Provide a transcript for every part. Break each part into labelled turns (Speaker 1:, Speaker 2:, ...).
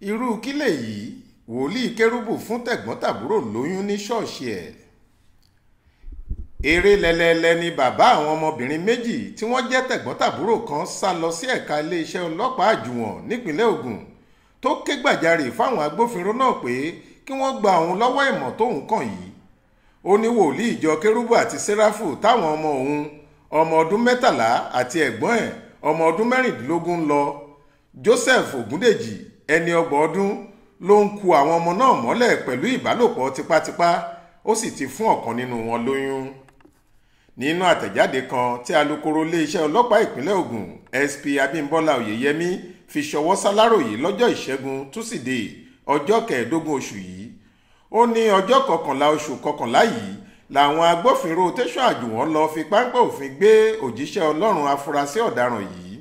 Speaker 1: irú kí lèyí wòlíì kérúbù fún tẹ̀gbọ́n-tàbúrò lóyún ní ṣọ́ọ̀ṣì ẹ̀ eré lẹ́lẹ́lẹ́ ni bàbá àwọn ọmọbìnrin méjì tí wọ́n jẹ́ tẹ̀gbọ́n-tàbúrò kan sá lọ sí ẹ̀ka iléeṣẹ́ ọlọ́pàá àjùwọ̀n nípínlẹ̀ Ògùn tó ké gbàjarè fáwọn agbófinró náà pé kí wọ́n gba òun lọ́wọ́ ìmọ̀ tóun kàn yìí ó ní wòlíì ìjọ kérúbù àti sẹ́ráfù táwọn ọmọ òun ọmọ ọdún mẹ́tàlá àti ẹ̀gbọ́n ẹ̀ ọmọ ọdún mẹ́rìndínlógún lọ Joseph Ògúndèjì ẹni ọgbọ̀n ọdún ló ń ku àwọn ọmọ náà mọ́lẹ̀ pẹ̀lú ìbálòpọ̀ tipátipá ó sì ti fún ọ̀kan nínú wọn lóyún nínú àtẹ̀jáde kan tí alukoro iléeṣẹ́ ọlọ́pàá ìpínlẹ̀ Ògùn SP Abímbọ́lá Oyèyẹmí fi ṣọwọ́ sáláròyé lọ́jọ́ ìṣẹ́gun túsídẹ̀ẹ́ ọjọ́ kẹẹ̀ẹ́dógún oṣù yìí ó ní ọjọ́ kọkànlá oṣù kọkànlá yìí làwọn agbófinró tẹ̀sán àjùwọ̀n lọ fi páńpẹ́ òfin gbé òjíṣẹ́ ọlọ́run afurasí ọ̀daràn yìí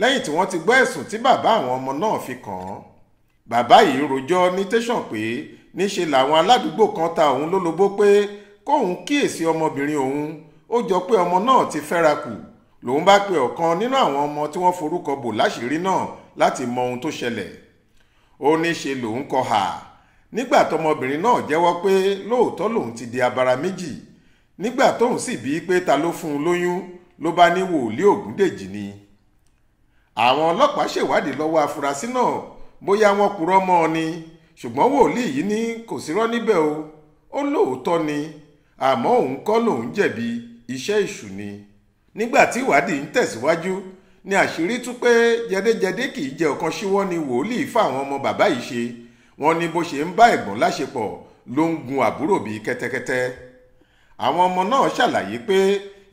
Speaker 1: lẹ́yìn tí wọ́n ti gbọ́ ẹ̀sùn tí bàbá àwọn ọmọ náà fi kàn án bàbá yìí rojọ́ ní tẹ̀sán pé níṣe làwọn aládùúgbò kan ta òun lólobó pé kóun kíyèsí ọmọbìnrin òun ó jọ pé ọmọ náà ti fẹ́ra kù lòun bá pe ọ̀kan nínú àwọn ọmọ tí wọ́n forúkọ bò láṣìírí náà láti mọ ohun tó ṣẹlẹ̀ ó ní ṣe lòun kọ hà nígbà tọmọbìnrin náà jẹ́wọ́ pé lóòótọ́ lòun ti di abara méjì nígbà tóun sì bíi pé ta ló fún un lóyún ló bá ní wòlíì Ògúndèjì ni àwọn ọlọ́pàá ṣèwádìí lọ́wọ́ afurasí náà bóyá wọ́n purọ́ mọ́ ọ ni ṣùgbọ́n wòlíì yìí ní kò sírọ́ níbẹ̀ o ó lóòótọ́ ni àmọ́ òun kọ́ lòun jẹ̀bi iṣẹ́ èṣù ni nígbà tí ìwádìí ń tẹ̀síwájú ni àṣírí tú pé jẹdẹjẹdẹ kì í jẹ ọ̀kan ṣíwọ́ ni wòlíì fáwọn ọmọ bàbá yìí ṣe wọ́n ní bó ṣe ń bá ẹ̀gbọ́n láṣepọ̀ ló ń gun àbúrò bíi kẹ́tẹ́kẹ́tẹ́ àwọn ọmọ náà ṣàlàyé pé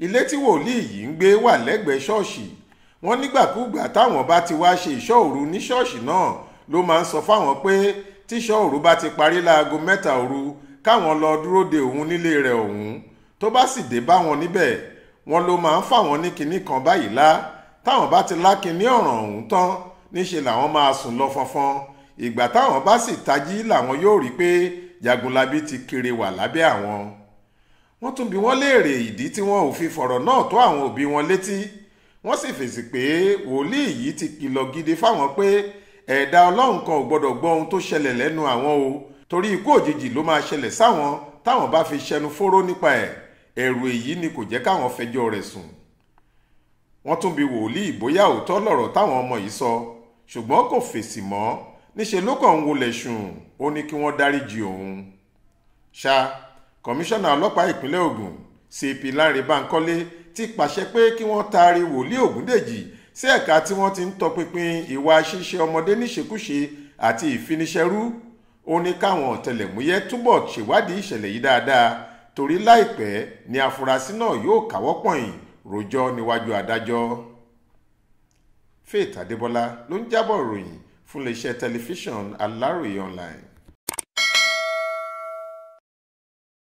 Speaker 1: ilé tí wòlíì yìí ń gbé wà lẹ́gbẹ̀ẹ́ ṣọ́ọ̀ṣì wọ́n nígbàkúgbà táwọn bá ti wá ṣe ìṣọ́ òru ní ṣọ́ọ̀ṣì náà ló máa ń sọ fáwọn pé tíṣọ́ òru bá ti parí láago mẹ́ta òru káwọn lọ dúró de òun nílé rẹ̀ òun tó bá sì dé bá wọn níbẹ̀ wọn ló máa ń fáwọn ní kinní kan báyìí lá táwọn bá ti lá kinní ọ̀ràn ọ̀hún tán níṣe làwọn máa sùn lọ fọnfọn ìgbà táwọn bá sì tají làwọn yóò rí pé jagunlabi ti kiri wà lábẹ́ àwọn wọ́n tún bi wọ́n léèrè ìdí tí wọn ò fi fọ̀rọ̀ náà tó àwọn òbí wọn létí wọ́n sì fèsì pé wòlíì yìí ti kìlọ̀ gidi fáwọn pé ẹ̀dá ọlọ́run kan ò gbọ́dọ̀ gbọ́ ohun tó ṣẹlẹ̀ lẹ́nu àwọn o torí ikú òjijì ló máa ṣẹlẹ̀ sáwọn táwọn bá fi ṣẹnu fóró nípa ẹ̀ ẹ̀rù èyí ni kò jẹ́ káwọn fẹjọ́ rẹ̀ sùn wọ́n tún bi wòlíì bóyá òótọ́ lọ̀rọ̀ táwọn ọmọ yìí sọ ṣùgbọ́n kò fèsì mọ́ níṣe ló kàn ń wọlé sùn ó ní kí wọ́n dáríji òun ṣá kọmíṣánná ọlọ́pàá ìpínlẹ̀ Ògùn CP Lánrè Bankole ti pàṣẹ pé kí wọ́n taari wòlíì Ògúndèjì sí ẹ̀ka tí wọ́n ti ń tọpinpin ìwà ṣíṣe ọmọdé níṣekúṣe àti ìfiniṣẹrú ó ní káwọn ọ̀tẹlẹ̀múyẹ́ túbọ̀ ṣèwádìí ìṣẹ̀lẹ̀ yìí dáadáa torí láìpẹ́ ni afurasí náà yóò káwọ́ pọ̀nyìn rojọ́ níwájú adájọ́ Faith Adébọlá ló ń jábọ̀ ròyìn fún iléeṣẹ́ tẹlifíṣàn Aláròye online.